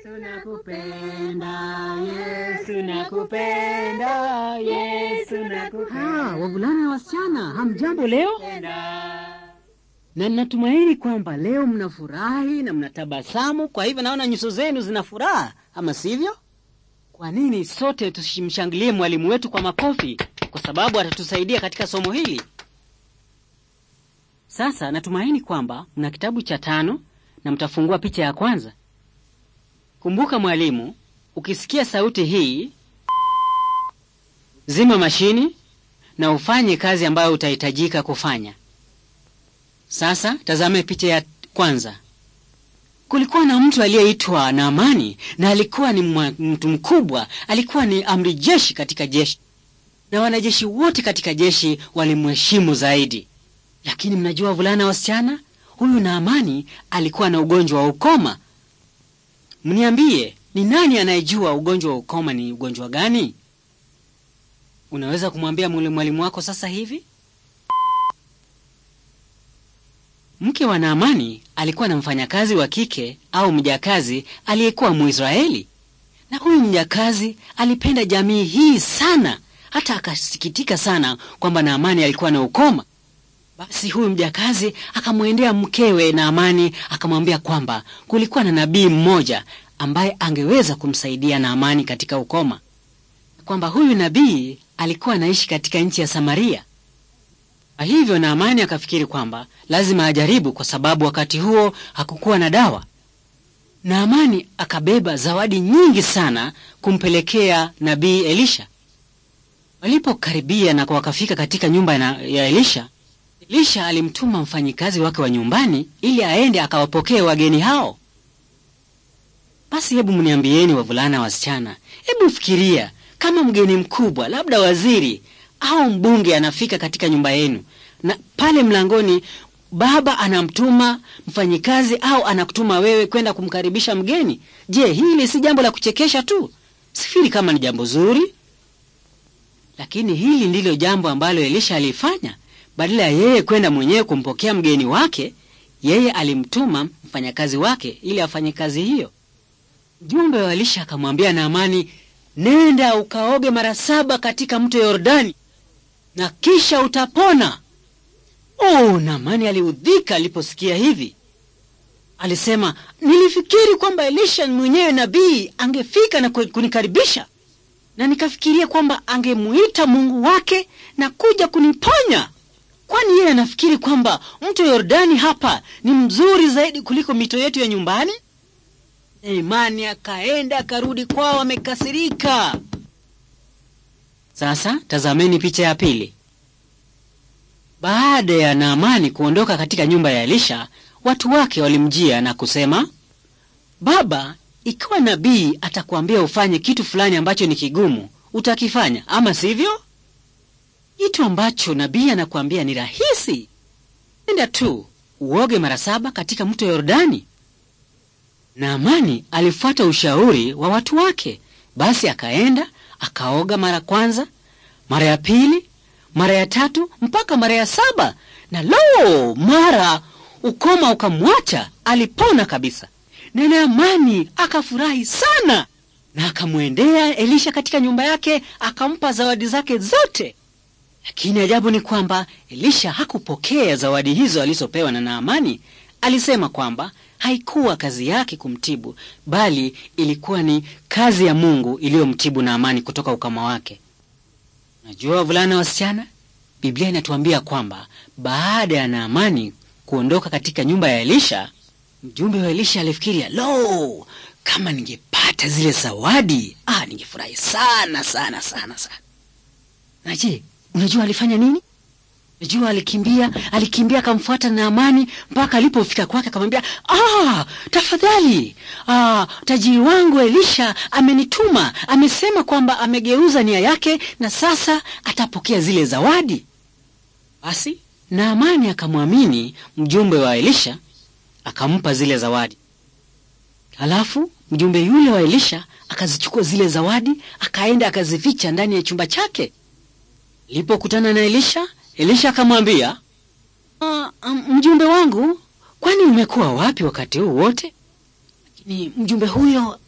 Yesu nakupenda, Yesu nakupenda, Yesu nakupenda. Ah, wavulana na wasichana, hamjambo leo na natumaini kwamba leo mnafurahi na mnatabasamu. Kwa hivyo naona nyuso zenu zina furaha, ama sivyo? Kwa nini sote tusimshangilie mwalimu wetu kwa makofi, kwa sababu atatusaidia katika somo hili. Sasa natumaini kwamba mna kitabu cha tano na mtafungua picha ya kwanza Kumbuka mwalimu, ukisikia sauti hii zima mashini na ufanye kazi ambayo utahitajika kufanya. Sasa tazame picha ya kwanza. Kulikuwa na mtu aliyeitwa Naamani na alikuwa ni mtu mkubwa, alikuwa ni amri jeshi katika jeshi, na wanajeshi wote katika jeshi walimheshimu zaidi. Lakini mnajua, vulana wasichana, huyu Naamani alikuwa na ugonjwa wa ukoma. Mniambie, ni nani anayejua ugonjwa wa ukoma ni ugonjwa gani? Unaweza kumwambia mwalimu wako sasa hivi? Mke wa Naamani alikuwa na mfanyakazi wa kike au mjakazi aliyekuwa Mwisraeli, na huyu mjakazi alipenda jamii hii sana, hata akasikitika sana kwamba Naamani alikuwa na ukoma. Basi huyu mjakazi akamwendea mkewe na Amani akamwambia kwamba kulikuwa na nabii mmoja ambaye angeweza kumsaidia na Amani katika ukoma, kwamba huyu nabii alikuwa anaishi katika nchi ya Samaria. Kwa hivyo Naamani akafikiri kwamba lazima ajaribu, kwa sababu wakati huo hakukuwa na dawa. Naamani akabeba zawadi nyingi sana kumpelekea nabii Elisha. Walipokaribia na wakafika katika nyumba ya Elisha, Elisha alimtuma mfanyikazi wake wa nyumbani ili aende akawapokee wageni hao. Basi hebu mniambieni, wavulana, wasichana, hebu fikiria kama mgeni mkubwa, labda waziri au mbunge, anafika katika nyumba yenu, na pale mlangoni baba anamtuma mfanyikazi au anakutuma wewe kwenda kumkaribisha mgeni. Je, hili si jambo la kuchekesha tu? sifiri kama ni jambo zuri, lakini hili ndilo jambo ambalo Elisha alifanya. Badala ya yeye kwenda mwenyewe kumpokea mgeni wake, yeye alimtuma mfanyakazi wake ili afanye kazi hiyo. Jumbe wa Elisha akamwambia Naamani, nenda ukaoge mara saba katika mto Yordani na kisha utapona. Oh, Naamani aliudhika aliposikia hivi. Alisema, nilifikiri kwamba Elisha mwenyewe nabii angefika na kunikaribisha na nikafikiria kwamba angemuita Mungu wake na kuja kuniponya. Kwani yeye anafikiri kwamba mto Yordani hapa ni mzuri zaidi kuliko mito yetu ya nyumbani? Naimani akaenda akarudi kwao amekasirika. Sasa tazameni picha ya pili. Baada ya Naamani kuondoka katika nyumba ya Elisha, watu wake walimjia na kusema, Baba, ikiwa nabii atakuambia ufanye kitu fulani ambacho ni kigumu, utakifanya ama sivyo? kitu ambacho nabii anakuambia ni rahisi. Nenda tu uoge mara saba katika mto Yordani. Naamani alifuata ushauri wa watu wake, basi akaenda akaoga mara kwanza, mara ya pili, mara ya tatu mpaka mara ya saba, na lo, mara ukoma ukamwacha, alipona kabisa. Na Naamani akafurahi sana na akamwendea Elisha katika nyumba yake, akampa zawadi zake zote. Lakini ajabu ni kwamba Elisha hakupokea zawadi hizo alizopewa na Naamani. Alisema kwamba haikuwa kazi yake kumtibu, bali ilikuwa ni kazi ya Mungu iliyomtibu Naamani kutoka ukama wake. Najua wavulana, wasichana, Biblia inatuambia kwamba baada ya Naamani kuondoka katika nyumba ya Elisha, mjumbe wa Elisha alifikiria, lo, kama ningepata zile zawadi ah, ningefurahi sana sana sana sana. Na je, Unajua alifanya nini? Unajua alikimbia, alikimbia akamfuata na amani mpaka alipofika kwake akamwambia, "Ah, tafadhali. Ah, tajiri wangu Elisha amenituma, amesema kwamba amegeuza nia yake na sasa atapokea zile zawadi." Basi Naamani akamwamini mjumbe wa Elisha akampa zile zawadi. Halafu mjumbe yule wa Elisha akazichukua zile zawadi akaenda akazificha ndani ya chumba chake. Alipokutana na Elisha, Elisha akamwambia, ah, ah, mjumbe wangu, kwani umekuwa wapi wakati huu wote? Lakini mjumbe huyo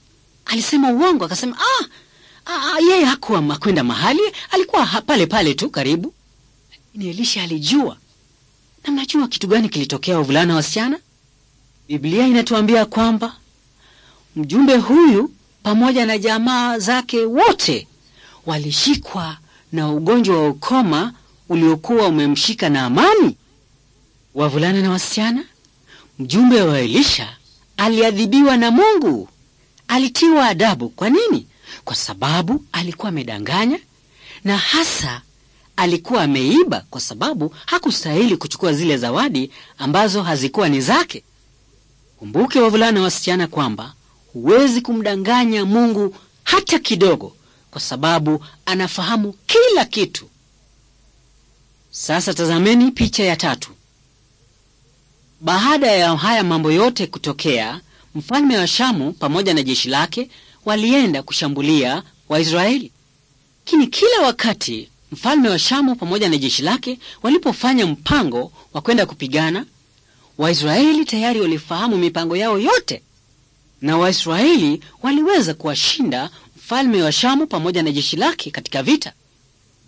alisema uongo, akasema ah, ah, ah yeye hakuwa makwenda mahali, alikuwa pale pale tu karibu. Lakini Elisha alijua. Na mnajua kitu gani kilitokea wavulana wasichana? Biblia inatuambia kwamba mjumbe huyu pamoja na jamaa zake wote walishikwa na ugonjwa wa ukoma uliokuwa umemshika amani? Wavulana na wasichana, mjumbe wa Elisha aliadhibiwa na Mungu, alitiwa adabu. Kwa nini? Kwa sababu alikuwa amedanganya na hasa alikuwa ameiba, kwa sababu hakustahili kuchukua zile zawadi ambazo hazikuwa ni zake. Kumbuke wavulana wasichana, kwamba huwezi kumdanganya Mungu hata kidogo kwa sababu anafahamu kila kitu. Sasa tazameni picha ya tatu. Baada ya haya mambo yote kutokea, mfalme wa Shamu pamoja na jeshi lake walienda kushambulia Waisraeli. Lakini kila wakati mfalme wa Shamu pamoja na jeshi lake walipofanya mpango wa kwenda kupigana, Waisraeli tayari walifahamu mipango yao yote, na Waisraeli waliweza kuwashinda mfalme wa Shamu pamoja na jeshi lake katika vita,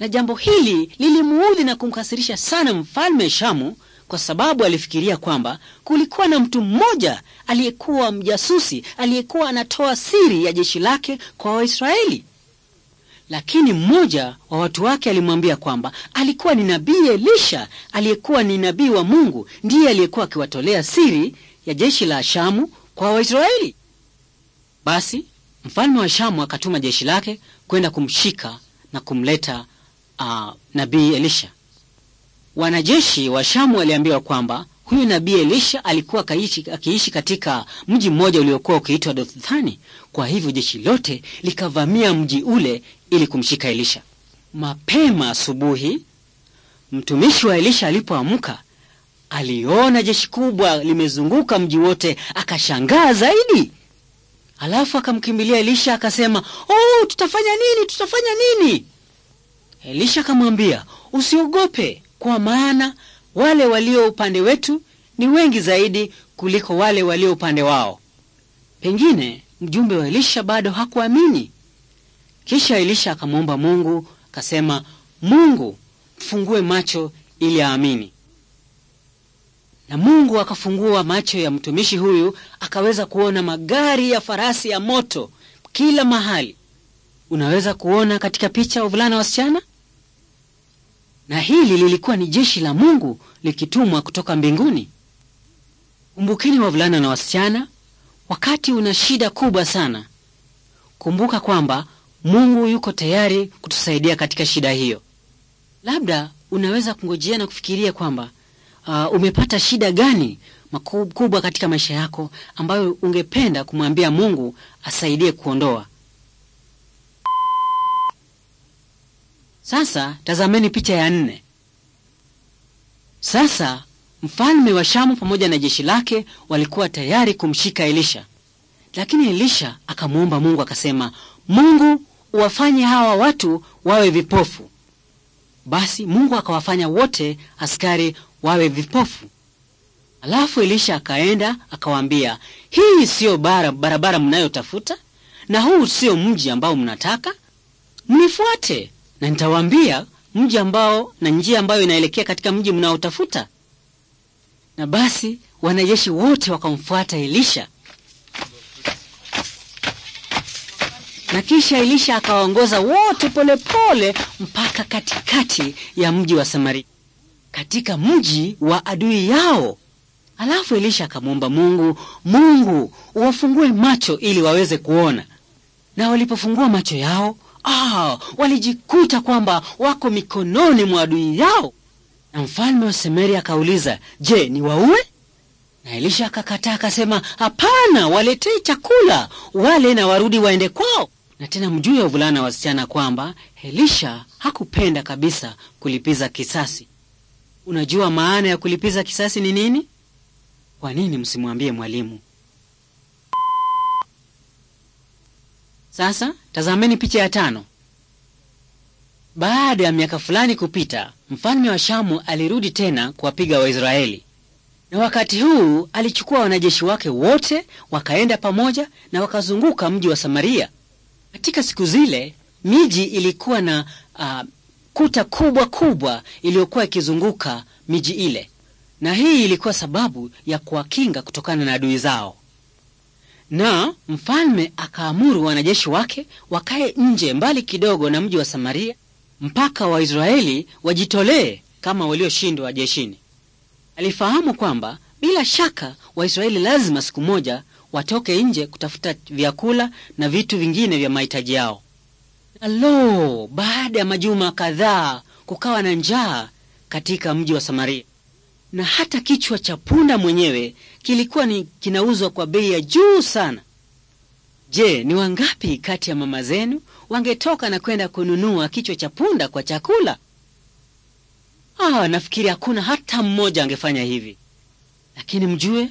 na jambo hili lilimuudhi na kumkasirisha sana mfalme Shamu kwa sababu alifikiria kwamba kulikuwa na mtu mmoja aliyekuwa mjasusi aliyekuwa anatoa siri ya jeshi lake kwa Waisraeli. Lakini mmoja wa watu wake alimwambia kwamba alikuwa ni nabii Elisha aliyekuwa ni nabii wa Mungu, ndiye aliyekuwa akiwatolea siri ya jeshi la Shamu kwa Waisraeli. Basi Mfalme wa Shamu akatuma jeshi lake kwenda kumshika na kumleta uh, nabii Elisha. Wanajeshi wa Shamu waliambiwa kwamba huyu nabii Elisha alikuwa kaishi, akiishi katika mji mmoja uliokuwa ukiitwa Dothani. Kwa hivyo jeshi lote likavamia mji ule ili kumshika Elisha. Mapema asubuhi, mtumishi wa Elisha alipoamka aliona jeshi kubwa limezunguka mji wote, akashangaa zaidi. Alafu akamkimbilia Elisha akasema, oh, tutafanya nini? Tutafanya nini? Elisha akamwambia, usiogope, kwa maana wale walio upande wetu ni wengi zaidi kuliko wale walio upande wao. Pengine mjumbe wa Elisha bado hakuamini. Kisha Elisha akamwomba Mungu akasema, Mungu mfungue macho ili aamini. Na Mungu akafungua macho ya mtumishi huyu, akaweza kuona magari ya farasi ya moto kila mahali. Unaweza kuona katika picha wavulana, wasichana. Na hili lilikuwa ni jeshi la Mungu likitumwa kutoka mbinguni. Kumbukeni wavulana na wasichana, wakati una shida kubwa sana, kumbuka kwamba Mungu yuko tayari kutusaidia katika shida hiyo. Labda unaweza kungojea na kufikiria kwamba uh, umepata shida gani makubwa katika maisha yako ambayo ungependa kumwambia Mungu asaidie kuondoa. Sasa tazameni picha ya nne. Sasa mfalme wa Shamu pamoja na jeshi lake walikuwa tayari kumshika Elisha, lakini Elisha akamwomba Mungu akasema, Mungu uwafanye hawa watu wawe vipofu. Basi Mungu akawafanya wote askari wawe vipofu. Alafu Elisha akaenda akawaambia, hii siyo bara, barabara mnayotafuta na huu sio mji ambao mnataka. Mnifuate na nitawaambia mji ambao na njia ambayo inaelekea katika mji mnaotafuta. Na basi wanajeshi wote wakamfuata Elisha, na kisha Elisha akawaongoza wote polepole mpaka katikati ya mji wa Samaria katika mji wa adui yao. Alafu Elisha akamwomba Mungu, Mungu uwafungue macho ili waweze kuona. Na walipofungua macho yao, ah, walijikuta kwamba wako mikononi mwa adui yao. Na mfalme wa semeri akauliza, je, ni waue? Na Elisha akakataa akasema, hapana, waletei chakula wale na warudi waende kwao. Na tena mjuu ya wavulana wasichana kwamba Elisha hakupenda kabisa kulipiza kisasi. Unajua maana ya kulipiza kisasi ni nini? Kwa nini msimwambie mwalimu? Sasa tazameni picha ya tano. Baada ya miaka fulani kupita, mfalme wa Shamu alirudi tena kuwapiga Waisraeli, na wakati huu alichukua wanajeshi wake wote, wakaenda pamoja na wakazunguka mji wa Samaria. Katika siku zile miji ilikuwa na uh, kuta kubwa kubwa iliyokuwa ikizunguka miji ile, na hii ilikuwa sababu ya kuwakinga kutokana na adui zao. Na mfalme akaamuru wanajeshi wake wakae nje mbali kidogo na mji wa Samaria mpaka Waisraeli wajitolee kama walioshindwa jeshini. Alifahamu kwamba bila shaka Waisraeli lazima siku moja watoke nje kutafuta vyakula na vitu vingine vya mahitaji yao. Halo, baada ya majuma kadhaa kukawa na njaa katika mji wa Samaria, na hata kichwa cha punda mwenyewe kilikuwa ni kinauzwa kwa bei ya juu sana. Je, ni wangapi kati ya mama zenu wangetoka na kwenda kununua kichwa cha punda kwa chakula? Ah, nafikiri hakuna hata mmoja angefanya hivi. Lakini mjue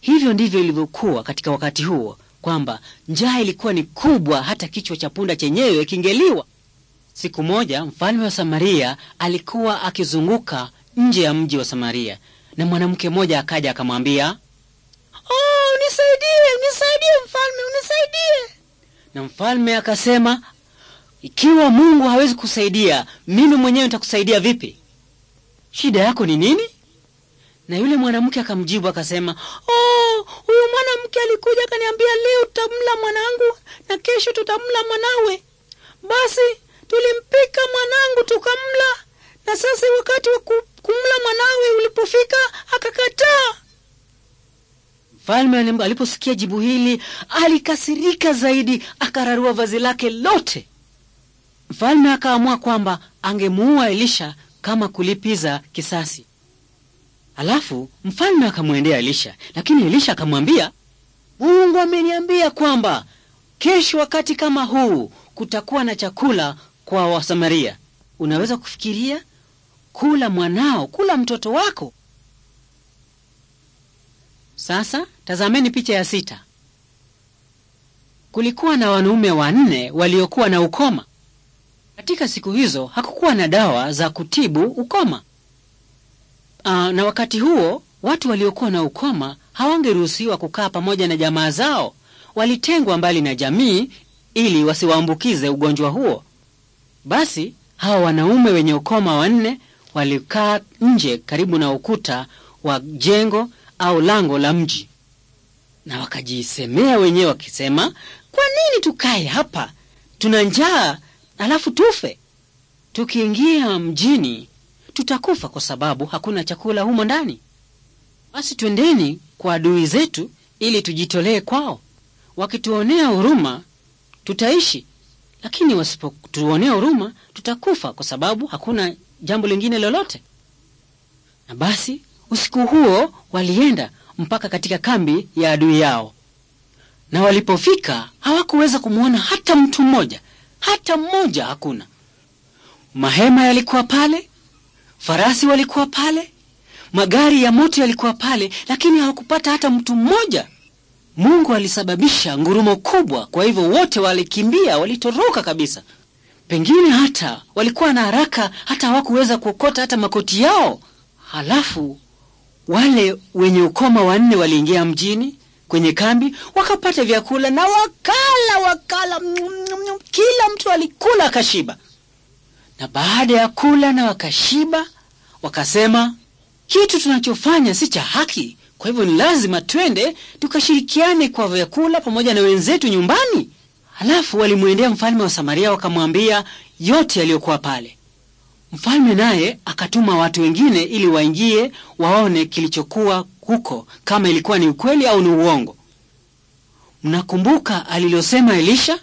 hivyo ndivyo ilivyokuwa katika wakati huo, kwamba njaa ilikuwa ni kubwa hata kichwa cha punda chenyewe kingeliwa. Siku moja mfalme wa Samaria alikuwa akizunguka nje ya mji wa Samaria, na mwanamke mmoja akaja akamwambia, oh, unisaidie, unisaidie mfalme, unisaidie. Na mfalme akasema, ikiwa Mungu hawezi kusaidia, mimi mwenyewe nitakusaidia vipi? Shida yako ni nini? Na yule mwanamke akamjibu akasema, oh, huyu mwanamke alikuja akaniambia, leo tutamla mwanangu na kesho tutamla mwanawe. Basi tulimpika mwanangu tukamla, na sasa wakati wa kumla mwanawe ulipofika akakataa. Mfalme aliposikia jibu hili alikasirika zaidi, akararua vazi lake lote. Mfalme akaamua kwamba angemuua Elisha kama kulipiza kisasi. Alafu mfalme akamwendea Elisha, lakini Elisha akamwambia, Mungu ameniambia kwamba kesho wakati kama huu kutakuwa na chakula kwa Wasamaria. Unaweza kufikiria kula mwanao, kula mtoto wako? Sasa tazameni picha ya sita. Kulikuwa na wanaume wanne waliokuwa na ukoma. Katika siku hizo hakukuwa na dawa za kutibu ukoma. Uh, na wakati huo watu waliokuwa na ukoma hawangeruhusiwa kukaa pamoja na jamaa zao. Walitengwa mbali na jamii ili wasiwaambukize ugonjwa huo. Basi hawa wanaume wenye ukoma wanne walikaa nje karibu na ukuta wa jengo au lango la mji, na wakajisemea wenyewe wakisema, kwa nini tukae hapa? Tuna njaa alafu tufe. Tukiingia mjini tutakufa kwa sababu hakuna chakula humo ndani. Basi twendeni kwa adui zetu ili tujitolee kwao. Wakituonea huruma tutaishi, lakini wasipotuonea huruma tutakufa kwa sababu hakuna jambo lingine lolote. Na basi usiku huo walienda mpaka katika kambi ya adui yao, na walipofika hawakuweza kumwona hata mtu mmoja, hata mmoja hakuna. Mahema yalikuwa pale Farasi walikuwa pale, magari ya moto yalikuwa pale, lakini hawakupata hata mtu mmoja. Mungu alisababisha ngurumo kubwa, kwa hivyo wote walikimbia, walitoroka kabisa. Pengine hata walikuwa na haraka, hata hawakuweza kuokota hata makoti yao. Halafu wale wenye ukoma wanne waliingia mjini kwenye kambi, wakapata vyakula na wakala, wakala, mnyum, mnyum, kila mtu alikula akashiba. Na baada ya kula na wakashiba, wakasema kitu tunachofanya si cha haki, kwa hivyo ni lazima twende tukashirikiane kwa vyakula pamoja na wenzetu nyumbani. Halafu walimwendea mfalme wa Samaria wakamwambia yote yaliyokuwa pale. Mfalme naye akatuma watu wengine ili waingie waone kilichokuwa huko, kama ilikuwa ni ukweli au ni uongo. Mnakumbuka alilosema Elisha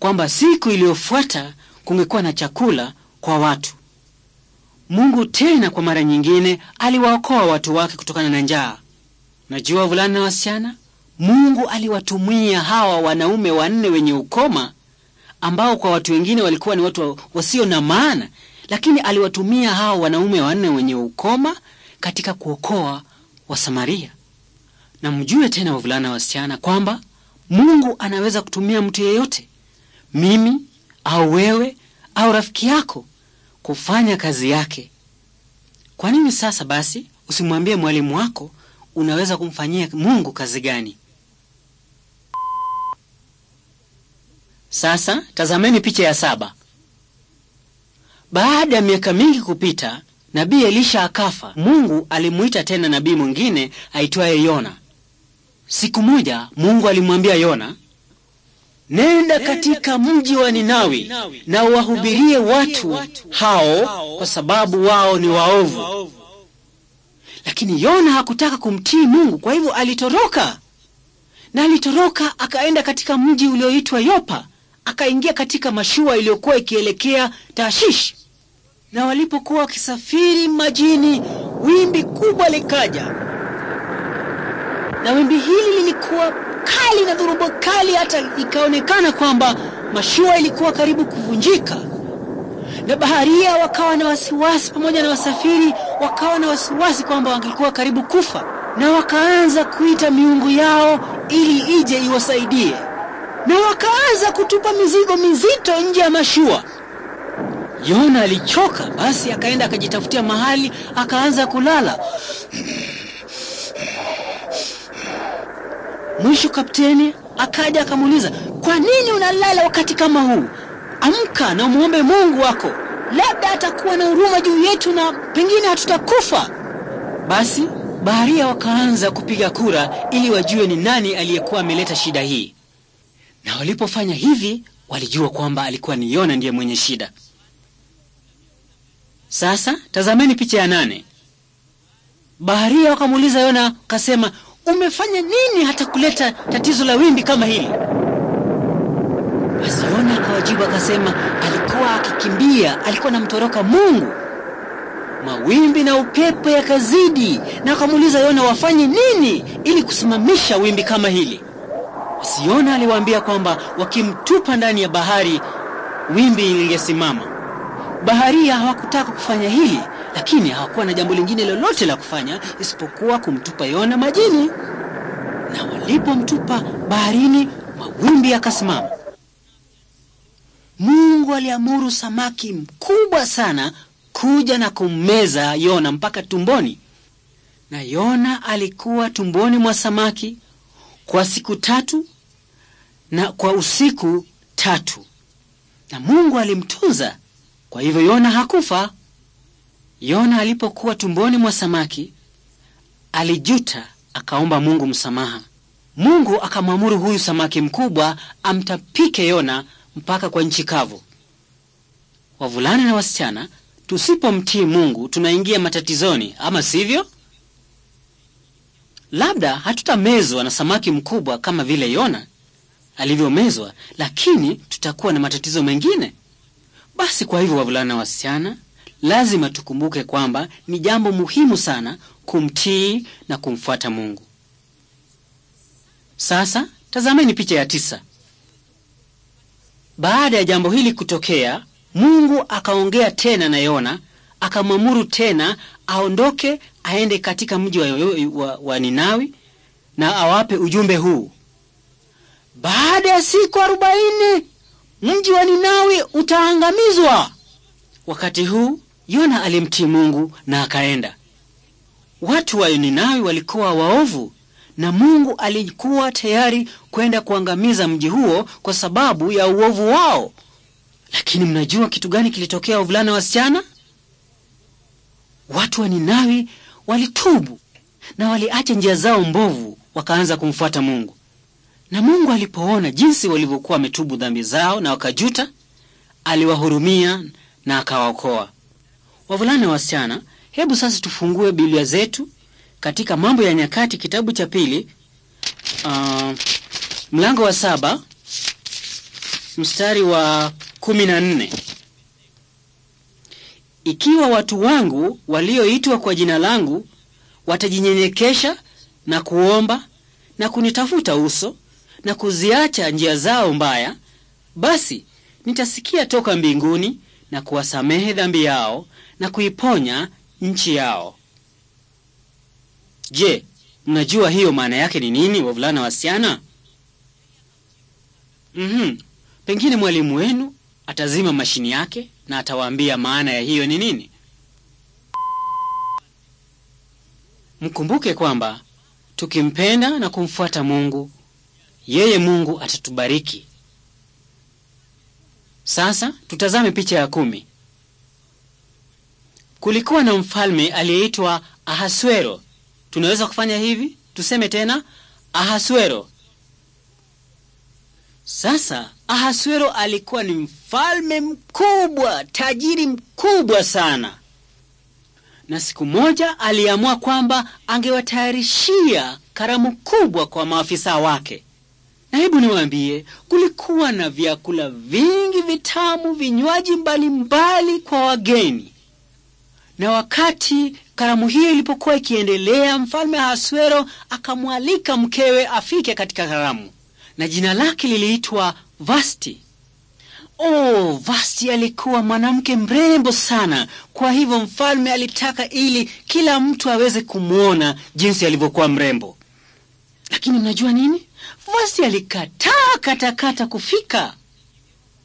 kwamba siku iliyofuata kungekuwa na chakula kwa watu. Mungu tena kwa mara nyingine aliwaokoa watu wake kutokana na njaa. Najua wavulana na wasichana, Mungu aliwatumia hawa wanaume wanne wenye ukoma ambao kwa watu wengine walikuwa ni watu wasio na maana, lakini aliwatumia hawa wanaume wanne wenye ukoma katika kuokoa Wasamaria. Na mjue tena wavulana wasichana, kwamba Mungu anaweza kutumia mtu yeyote, mimi au wewe au rafiki yako kufanya kazi yake. Kwa nini sasa basi usimwambie mwalimu wako unaweza kumfanyia Mungu kazi gani? Sasa tazameni picha ya saba. Baada ya miaka mingi kupita, nabii Elisha akafa. Mungu alimuita tena nabii mwingine aitwaye Yona. Siku moja Mungu alimwambia Yona, Nenda katika mji wa Ninawi na uwahubirie watu hao, kwa sababu wao ni waovu. Lakini Yona hakutaka kumtii Mungu, kwa hivyo alitoroka, na alitoroka akaenda katika mji ulioitwa Yopa, akaingia katika mashua iliyokuwa ikielekea Tashish. Na walipokuwa wakisafiri majini, wimbi kubwa likaja, na wimbi hili lilikuwa kali na dhuruba kali hata ikaonekana kwamba mashua ilikuwa karibu kuvunjika, na baharia wakawa na wasiwasi, pamoja na wasafiri wakawa na wasiwasi kwamba wangekuwa karibu kufa, na wakaanza kuita miungu yao ili ije iwasaidie, na wakaanza kutupa mizigo mizito nje ya mashua. Yona alichoka, basi akaenda akajitafutia mahali akaanza kulala Mwisho kapteni akaja akamuuliza, kwa nini unalala wakati kama huu? Amka na muombe Mungu wako, labda atakuwa na huruma juu yetu na pengine hatutakufa. Basi baharia wakaanza kupiga kura ili wajue ni nani aliyekuwa ameleta shida hii, na walipofanya hivi walijua kwamba alikuwa ni Yona ndiye mwenye shida. Sasa tazameni picha ya nane. Baharia wakamuuliza Yona, kasema umefanya nini hata kuleta tatizo la wimbi kama hili? Basi Yona akawajibu akasema, alikuwa akikimbia, alikuwa namtoroka Mungu. Mawimbi na upepo yakazidi, na akamuuliza Yona wafanye nini ili kusimamisha wimbi kama hili. siona aliwaambia kwamba wakimtupa ndani ya bahari wimbi lingesimama. Baharia hawakutaka kufanya hili, lakini hawakuwa na jambo lingine lolote la kufanya isipokuwa kumtupa Yona majini, na walipomtupa baharini, mawimbi yakasimama. Mungu aliamuru samaki mkubwa sana kuja na kummeza Yona mpaka tumboni, na Yona alikuwa tumboni mwa samaki kwa siku tatu na kwa usiku tatu, na Mungu alimtunza. Kwa hivyo Yona hakufa Yona alipokuwa tumboni mwa samaki alijuta, akaomba Mungu msamaha. Mungu akamwamuru huyu samaki mkubwa amtapike Yona mpaka kwa nchi kavu. Wavulana na wasichana, tusipomtii Mungu tunaingia matatizoni, ama sivyo? Labda hatutamezwa na samaki mkubwa kama vile Yona alivyomezwa, lakini tutakuwa na matatizo mengine. Basi kwa hivyo, wavulana na wasichana lazima tukumbuke kwamba ni jambo muhimu sana kumtii na kumfuata Mungu. Sasa tazameni picha ya tisa. Baada ya jambo hili kutokea, Mungu akaongea tena na Yona, akamwamuru tena aondoke aende katika mji wa, wa, wa Ninawi na awape ujumbe huu: baada ya siku arobaini mji wa Ninawi utaangamizwa. Wakati huu Yona alimtii Mungu na akaenda. Watu wa Ninawi walikuwa waovu na Mungu alikuwa tayari kwenda kuangamiza mji huo kwa sababu ya uovu wao. Lakini mnajua kitu gani kilitokea wavulana wasichana? Watu wa Ninawi walitubu na waliacha njia zao mbovu, wakaanza kumfuata Mungu. Na Mungu alipoona jinsi walivyokuwa wametubu dhambi zao na wakajuta, aliwahurumia na akawaokoa. Wavulana na wasichana, hebu sasa tufungue Biblia zetu katika Mambo ya Nyakati kitabu cha pili, uh, mlango wa saba mstari wa kumi na nne ikiwa watu wangu walioitwa kwa jina langu watajinyenyekesha na kuomba na kunitafuta uso na kuziacha njia zao mbaya, basi nitasikia toka mbinguni na kuwasamehe dhambi yao na kuiponya nchi yao. Je, mnajua hiyo maana yake ni nini, wavulana wasichana? mm -hmm. Pengine mwalimu wenu atazima mashini yake na atawaambia maana ya hiyo ni nini. Mkumbuke kwamba tukimpenda na kumfuata Mungu, yeye Mungu atatubariki. Sasa tutazame picha ya kumi. Kulikuwa na mfalme aliyeitwa Ahasuero. Tunaweza kufanya hivi, tuseme tena Ahasuero. Sasa Ahasuero alikuwa ni mfalme mkubwa, tajiri mkubwa sana, na siku moja aliamua kwamba angewatayarishia karamu kubwa kwa maafisa wake. Na hebu niwaambie, kulikuwa na vyakula vingi vitamu, vinywaji mbalimbali kwa wageni. Na wakati karamu hiyo ilipokuwa ikiendelea, mfalme Ahasuero akamwalika mkewe afike katika karamu, na jina lake liliitwa Vasti. Oh, Vasti alikuwa mwanamke mrembo sana. Kwa hivyo mfalme alitaka ili kila mtu aweze kumwona jinsi alivyokuwa mrembo. Lakini mnajua nini? Vasti alikataa katakata kufika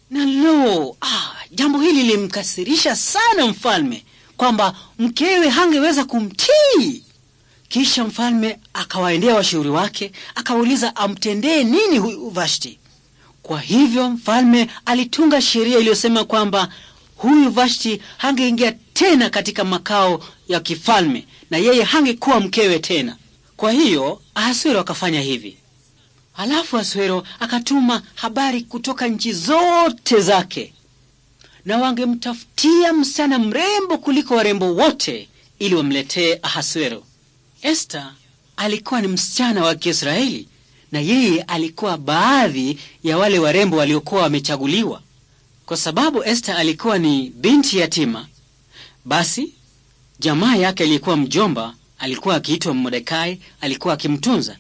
na lo, ah, jambo hili lilimkasirisha sana mfalme kwamba mkewe hangeweza kumtii. Kisha mfalme akawaendea washauri wake, akauliza amtendee nini huyu Vashti. Kwa hivyo mfalme alitunga sheria iliyosema kwamba huyu Vashti hangeingia tena katika makao ya kifalme na yeye hangekuwa mkewe tena. Kwa hiyo Ahasuero akafanya hivi. alafu Ahasuero akatuma habari kutoka nchi zote zake na wangemtafutia msichana mrembo kuliko warembo wote ili wamletee Ahasuero. Esta alikuwa ni msichana wa Kiisraeli na yeye alikuwa baadhi ya wale warembo waliokuwa wamechaguliwa. Kwa sababu Esta alikuwa ni binti yatima, basi jamaa yake aliyekuwa mjomba alikuwa akiitwa Mordekai, alikuwa akimtunza.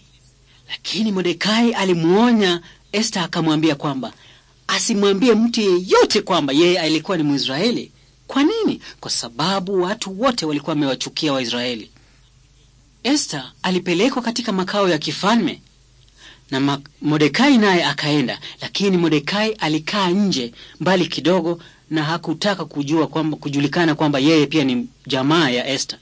Lakini Mordekai alimuonya Esta, akamwambia kwamba asimwambie mtu yeyote kwamba yeye alikuwa ni Mwisraeli. Kwa nini? Kwa sababu watu wote walikuwa wamewachukia Waisraeli. Esta alipelekwa katika makao ya kifalme na modekai naye akaenda, lakini Mordekai alikaa nje mbali kidogo, na hakutaka kujua kwamba, kujulikana kwamba yeye pia ni jamaa ya Esta.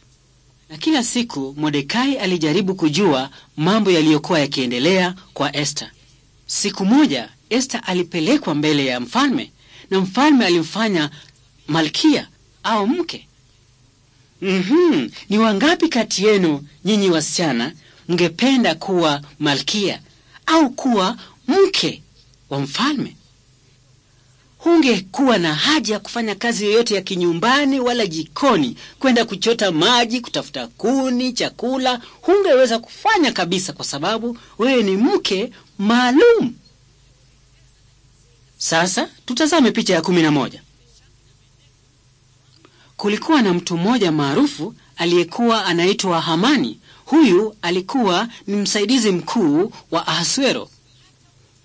Na kila siku modekai alijaribu kujua mambo yaliyokuwa yakiendelea kwa Esta. Siku moja Esta alipelekwa mbele ya mfalme na mfalme alimfanya malkia au mke. Mm -hmm. Ni wangapi kati yenu nyinyi wasichana mngependa kuwa malkia au kuwa mke wa mfalme? Hungekuwa na haja ya kufanya kazi yoyote ya kinyumbani wala jikoni, kwenda kuchota maji, kutafuta kuni, chakula, hungeweza kufanya kabisa, kwa sababu wewe ni mke maalum. Sasa tutazame picha ya kumi na moja. Kulikuwa na mtu mmoja maarufu aliyekuwa anaitwa Hamani. Huyu alikuwa ni msaidizi mkuu wa Ahasuero.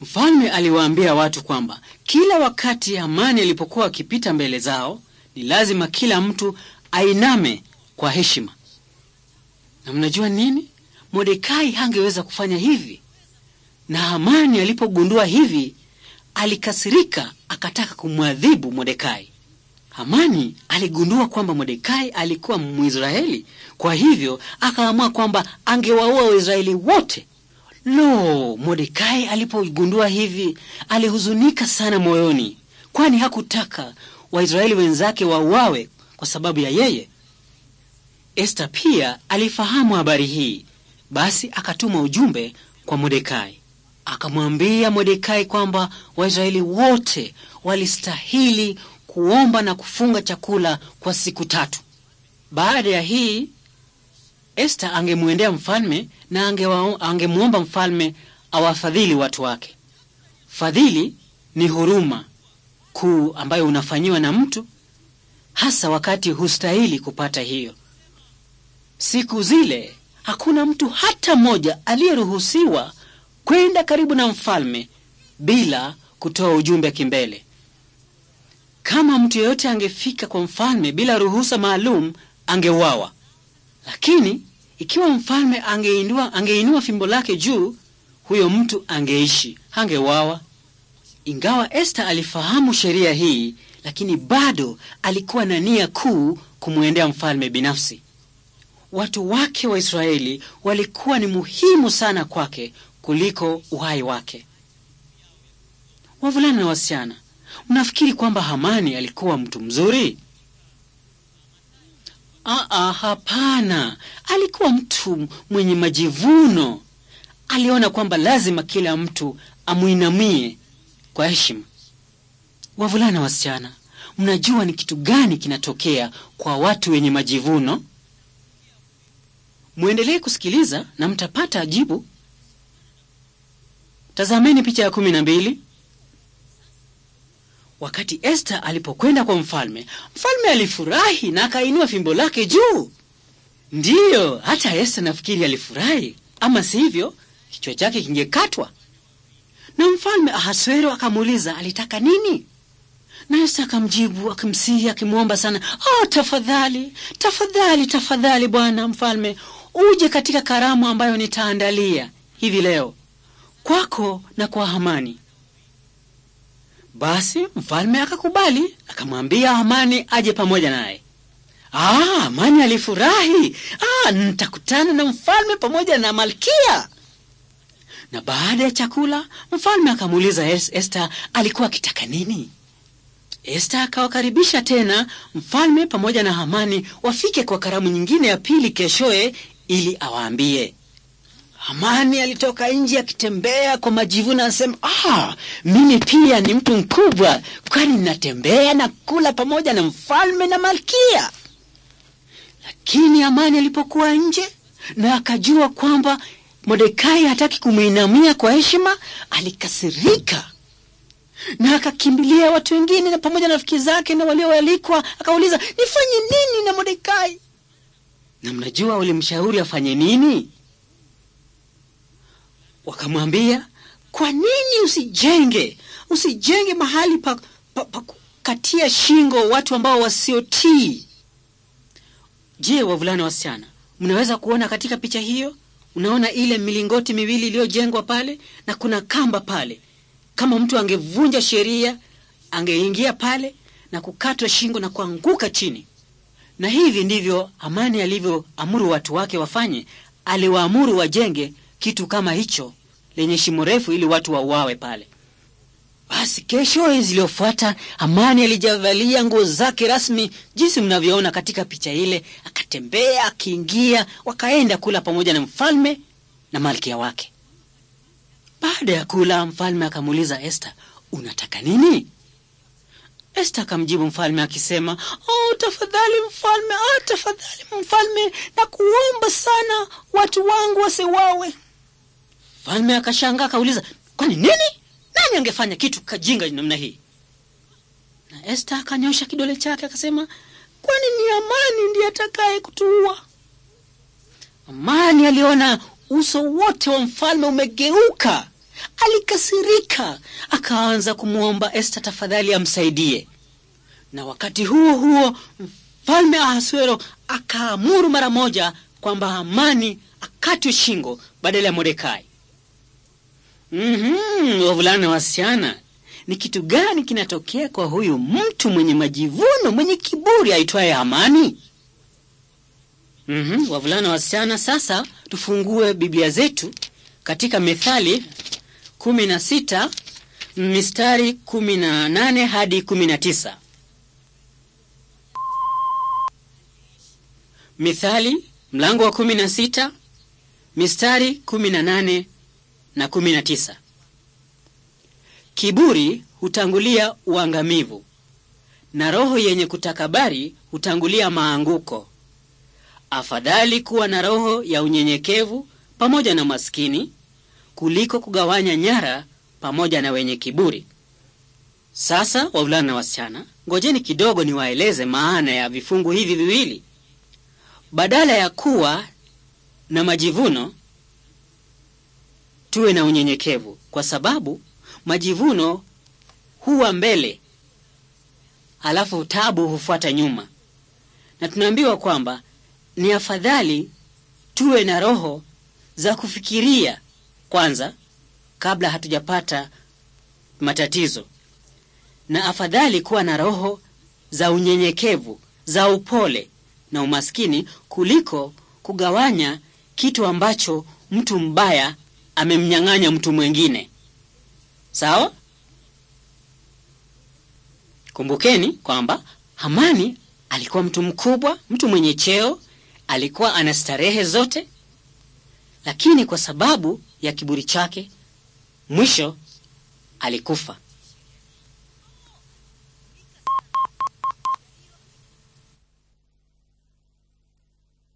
Mfalme aliwaambia watu kwamba kila wakati Hamani alipokuwa akipita mbele zao, ni lazima kila mtu ainame kwa heshima. Na mnajua nini? Mordekai hangeweza kufanya hivi, na Hamani alipogundua hivi alikasirika akataka kumwadhibu Mordekai. Hamani aligundua kwamba Mordekai alikuwa Mwisraeli, kwa hivyo akaamua kwamba angewaua Waisraeli wote. Lo, Mordekai alipogundua hivi alihuzunika sana moyoni, kwani hakutaka Waisraeli wenzake wauawe kwa sababu ya yeye. Esta pia alifahamu habari hii, basi akatuma ujumbe kwa Mordekai akamwambia Mordekai kwamba Waisraeli wote walistahili kuomba na kufunga chakula kwa siku tatu. Baada ya hii, Esta angemwendea mfalme na angemwomba mfalme awafadhili watu wake. Fadhili ni huruma kuu ambayo unafanyiwa na mtu hasa wakati hustahili kupata hiyo. Siku zile hakuna mtu hata mmoja aliyeruhusiwa kwenda karibu na mfalme bila kutoa ujumbe kimbele. Kama mtu yeyote angefika kwa mfalme bila ruhusa maalum, angeuawa. Lakini ikiwa mfalme angeinua, angeinua fimbo lake juu, huyo mtu angeishi, hangeuawa. Ingawa esta alifahamu sheria hii, lakini bado alikuwa na nia kuu kumwendea mfalme binafsi. Watu wake wa Israeli walikuwa ni muhimu sana kwake kuliko uhai wake. Wavulana na wasichana, mnafikiri kwamba Hamani alikuwa mtu mzuri? Aa, hapana. Alikuwa mtu mwenye majivuno. Aliona kwamba lazima kila mtu amwinamie kwa heshima. Wavulana wasichana, mnajua ni kitu gani kinatokea kwa watu wenye majivuno? Mwendelee kusikiliza na mtapata ajibu. Tazameni picha ya kumi na mbili. Wakati Esther alipokwenda kwa mfalme, mfalme alifurahi na akainua fimbo lake juu. Ndiyo, hata Esther nafikiri alifurahi, ama sivyo kichwa chake kingekatwa. Na mfalme Ahasuero akamuuliza alitaka nini, na Esther akamjibu akimsihi, akimwomba sana, oh, tafadhali tafadhali tafadhali, bwana mfalme, uje katika karamu ambayo nitaandalia hivi leo kwako na kwa Hamani. Basi mfalme akakubali, akamwambia Hamani aje pamoja naye. Ah, Hamani alifurahi. Ah, nitakutana na mfalme pamoja na malkia. Na baada ya chakula, mfalme akamuuliza Esther alikuwa akitaka nini. Esther akawakaribisha tena mfalme pamoja na Hamani wafike kwa karamu nyingine ya pili keshoye ili awaambie. Amani alitoka nje akitembea kwa majivuno, anasema ah, mimi pia ni mtu mkubwa, kwani natembea na kula pamoja na mfalme na malkia. Lakini Amani alipokuwa nje na akajua kwamba Mordekai hataki kumwinamia kwa heshima, alikasirika na akakimbilia watu wengine na pamoja na rafiki zake na walioalikwa, akauliza nifanye nini na Mordekai? Na mnajua ulimshauri afanye nini? Wakamwambia, kwa nini usijenge usijenge mahali pa, pa, pa kukatia shingo watu ambao wasiotii? Je, wavulana wasichana, mnaweza kuona katika picha hiyo? Unaona ile milingoti miwili iliyojengwa pale na kuna kamba pale. Kama mtu angevunja sheria, angeingia pale na kukatwa shingo na kuanguka chini. Na hivi ndivyo amani alivyoamuru watu wake wafanye. Aliwaamuru wajenge kitu kama hicho lenye shimo refu ili watu wauawe pale. Basi kesho ziliyofuata, Amani alijavalia nguo zake rasmi jinsi mnavyoona katika picha ile, akatembea akiingia, wakaenda kula pamoja na mfalme na malkia wake. Baada ya kula, mfalme akamuuliza esta unataka nini? esta akamjibu mfalme akisema, oh, tafadhali mfalme, oh, tafadhali mfalme, na kuomba sana watu wangu wasiwawe Mfalme akashangaa akauliza, kwani nini? Nani angefanya kitu kajinga namna hii? Na Esther akanyosha kidole chake akasema, kwani ni Amani ndiye atakaye kutuua. Amani aliona uso wote wa mfalme umegeuka, alikasirika, akaanza kumwomba Esther tafadhali amsaidie. Na wakati huo huo mfalme Ahasuero akaamuru mara moja kwamba amani akatwe shingo badala ya Mordekai. Mm-hmm, wavulana wasichana, ni kitu gani kinatokea kwa huyu mtu mwenye majivuno, mwenye kiburi aitwaye Hamani? Mm-hmm, wavulana wasichana, sasa tufungue Biblia zetu katika Methali kumi na sita mistari kumi na nane hadi kumi na tisa. Mithali mlango wa kumi na sita mistari kumi na nane na kumi na tisa. Kiburi hutangulia uangamivu na roho yenye kutakabari hutangulia maanguko. Afadhali kuwa na roho ya unyenyekevu pamoja na maskini kuliko kugawanya nyara pamoja na wenye kiburi. Sasa wavulana na wasichana, ngojeni kidogo niwaeleze maana ya vifungu hivi viwili. Badala ya kuwa na majivuno, tuwe na unyenyekevu, kwa sababu majivuno huwa mbele, alafu tabu hufuata nyuma, na tunaambiwa kwamba ni afadhali tuwe na roho za kufikiria kwanza kabla hatujapata matatizo, na afadhali kuwa na roho za unyenyekevu, za upole na umaskini kuliko kugawanya kitu ambacho mtu mbaya amemnyang'anya mtu mwingine. Sawa? Kumbukeni kwamba Hamani alikuwa mtu mkubwa, mtu mwenye cheo, alikuwa ana starehe zote, lakini kwa sababu ya kiburi chake mwisho alikufa.